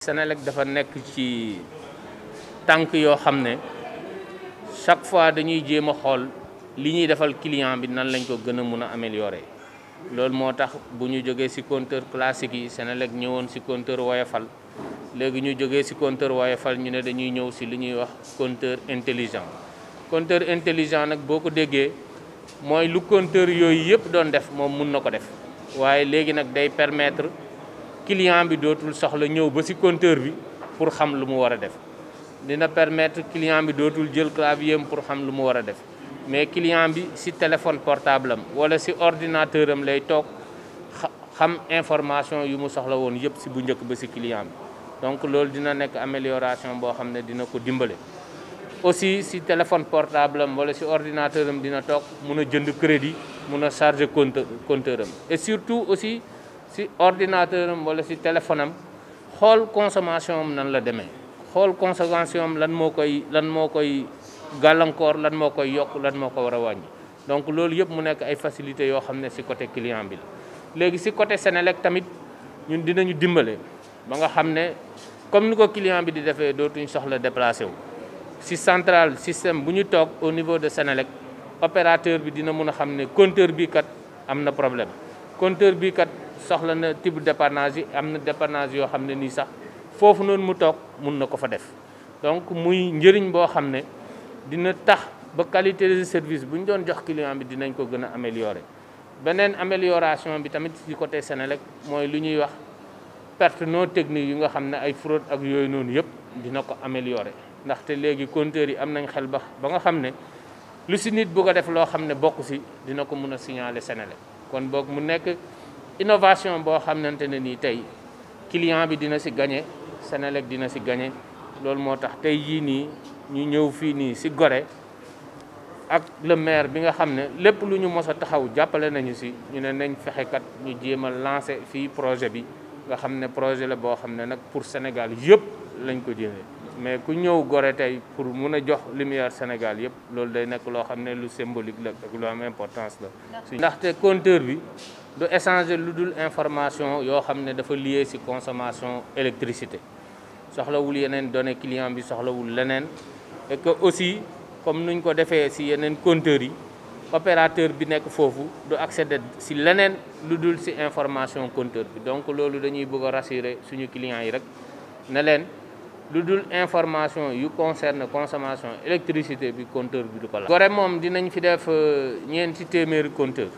Senelec dafa nekk ci tànk yoo xam ne chaque fois dañuy jéem a xool li ñuy defal client bi nan lañ ko gën a mun a améliorer loolu moo tax bu ñu jógee si compteur classique yi Senelec ñëwoon si compteur woyofal léegi ñu jógee si compteur woyofal ñu ne dañuy ñëw si li ñuy wax compteur intelligent compteur intelligent nag boo ko déggee mooy lu compteur yooyu yëpp doon def moom mun na ko def waaye léegi nag day permettre client bi dootul soxla ñëw ba si compteur bi pour xam lu mu war a def dina permettre client bi dootul jël clavier am pour xam lu mu war a def mais client bi si téléphone portablem am walla ci ordinateur am lay toog xam information yu mu soxla woon yëpp ci bu njëkk ba ci client bi donc loolu dina nekk amélioration boo xam ne dina ko dimbale aussi si téléphone portable am walla ci ordinateur am dina toog mun a jënd crédit mun a charger compte compteur et surtout aussi si ordinateur am wala si téléphone am xool consommation am nan la demee xool consommation am lan moo koy lan moo koy gàllankoor lan moo koy yokk lan moo ko war a wàññi donc loolu yëpp mu nekk ay facilité yoo xam ne si côté client bi la léegi si côté Senelec tamit ñun dinañu dimbale ba nga xam ne comme ni ko client bi di defee dootuñ soxla déplacé wu si central système bu ñu toog au niveau de Senelec opérateur bi dina mun a xam ne compteur bii kat am na problème kat soxla na type dépannage yi am na dépannage yoo xam ne nii sax foofu noonu mu toog mun na ko fa def donc muy njëriñ boo xam ne dina tax ba qualité de service bu ñu doon jox client bi dinañ ko gën a améliorer beneen amélioration bi tamit ci côté senelek mooy lu ñuy wax perte non technique yi nga xam ne ay fraude ak yooyu noonu yëpp dina ko améliorer ndaxte léegi compteurs yi am nañ xel ba ba nga xam ne lu si nit bëgg a def loo xam ne bokk si dina ko mun a signaler Senelec innovation boo xamante ne nii tey client bi dina si gagné Senelec dina si gañe loolu moo tax tey jii nii ñu ñëw fii nii si gore ak le maire bi nga xam ne lépp lu ñu mos a taxaw jàppale nañu si ñu ne nañ fexe kat ñu jéemal a fii projet bi nga xam ne projet la boo xam ne nag pour Sénégal yëpp lañ ko jëlee mais ku ñëw gore tey pour mun a jox lumière Sénégal yëpp loolu day nekk loo xam ne lu symbolique la ak lu am importance la. ndaxte compteur bi. du échanger lu information yo xam ne dafa lié ci consommation électricité soxlawul yeneen données client bi soxlawul leneen et que aussi comme nuñ ko defee ci yeneen compteurs yi opérateur bi nekk foofu du accéder ci leneen lu dul ci information compteur bi donc loolu dañuy bëgg a rassurer suñu clients yi rek information yu concerne consommation électricité bi compteur bi du ko la gore mom dinañ fi def euh, ñeenti téeméeri compteur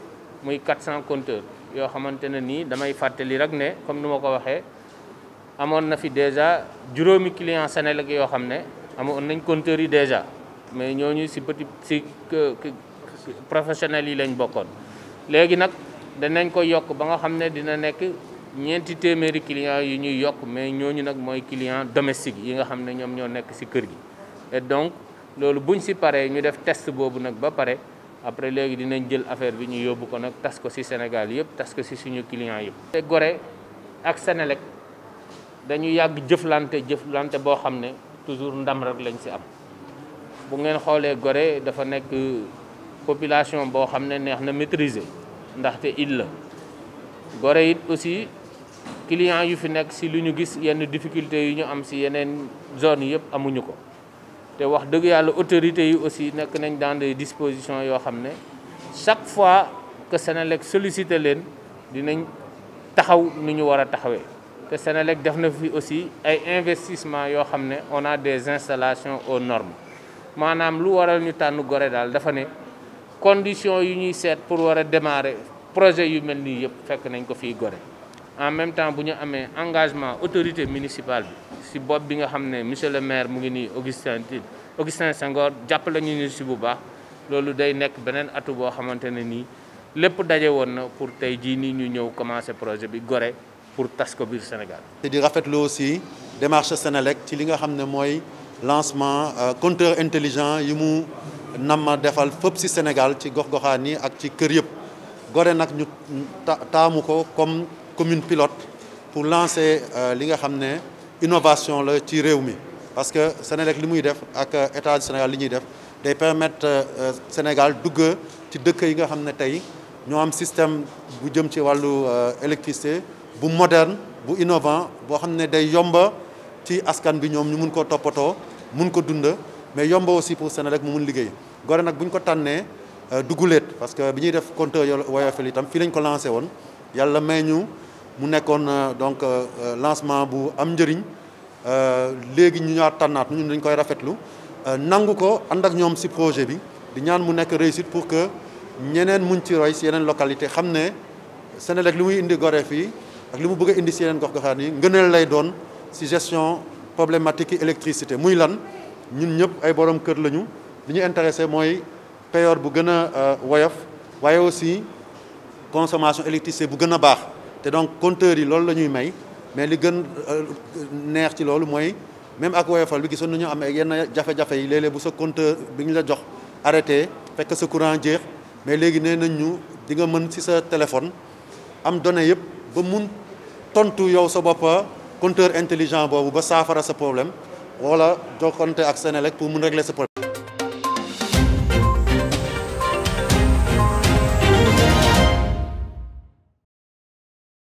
muy 400 compteurs yo xamantene ni damay fateli rek ne comme numa ko waxe amone na fi deja juromi client Senelec yo xamne amone nagn compteur yi deja mais ñoñu ci petit ci professionnel yi lañ bokkon legui nak nag nañ ko yok ba nga xamne dina nek ñenti téeméeri client yu ñuy yok mais ñoñu nak moy client domestique yi nga xamne ñom ñoom ñoo nekk si kër gi et donc lolu buñ ci paré ñu def test bobu nak ba paré après léegi dinañ jël affaire bi ñu yóbbu ko nag tas ko ci Sénégal yëpp tas ko ci suñu client yëpp. te gore ak Senelec dañu yàgg jëflante jëflante boo xam ne toujours ndam rek lañ si am bu ngeen xoolee gore dafa nekk population boo xam ne neex na maîtriser ndaxte il la Gorée it aussi client yu fi nekk ci lu ñu gis yenn difficulté yu ñu am ci yeneen zone yëpp amuñu ko. te wax deug yalla autorités yi aussi nek nañ dans des dispositions yo xamné chaque fois que Senelec sollicité len dinañ taxaw nu ñu wara taxawé taxawee te def na fi aussi ay investissement yo xamné on a des installations aux normes manam lu waral ñu tànn goré dal dafa né conditions yu ñuy set pour wara démarrer projet yu mel nii yëpp fekk nañ ko fi goré en même temps bu ñu amee engagement autorité municipale si Bob bi nga xam monsieur le maire mu ngi nii Augustin Augustin Senghor jàppale ñu ñu bu baax loolu day Nek, Benen atu boo xamante ne lépp pour tey jii nii ñu ñëw projet bi pour tas ko Sénégal. C'est du Rafetlo aussi démarche Sénélec ci li nga xam ne lancement euh, compteur intelligent yi mu namma defal fépp si Sénégal ci gorani goxaan yi ak ci kër yëpp ñu ko comme commune pilote pour lancer euh, li nga xam innovation la ci rewmi parce que Sénélec ak limuy def ak euh, état du Sénégal li ñuy def day permettre euh, Sénégal dugg ci deuk yi nga xamné tay ñu am système bu jëm ci walu euh, électricité bu moderne bu innovant bo xamné day yomba ci askan bi ñom ñu mun ko toppatoo mun ko dund mais yomba aussi pour Sénélec mu mun liggéey Gorée nak buñ ko tanné duguleet parce que biñuy def compteur Woyofel itam fi lañ ko lancé won yalla may ñu mu nekkoon euh, donc euh, euh, lancement bu am euh léegi ñu ñaar tanat ñun dañ koy rafetlu nanguko ko ak si projet bi di ñaan mu nek réussite pour que ñeneen muñ ci roy yeneen localité xam ne Senelec li muy indi goré fi ak li mu bëgg indi ci yeneen gox goxaan ni ngeenel lay doon si gestion problématique électricité muy lan ñun ñëpp ay borom kër lañu li ñu intéressé moy période bu gëna a woyof aussi consommation électricité bu gëna baax te donc compteurs yi loolu la ñuy may mais li gën euh, neex ci loolu mooy même ak woyofal bi gisoon nañu am yenn jafe-jafe yi léeg-léeg bu sa compteur bi ñu la jox arrêté fekk ce courant jeex mais léegi nee nañ ñu di nga mën ci sa téléphone am donné yëpp ba mun tontu yow sa bop compteur intelligent bobu ba saafara sa problème wala jokkonte ak Senelec pour mun régler sa problème.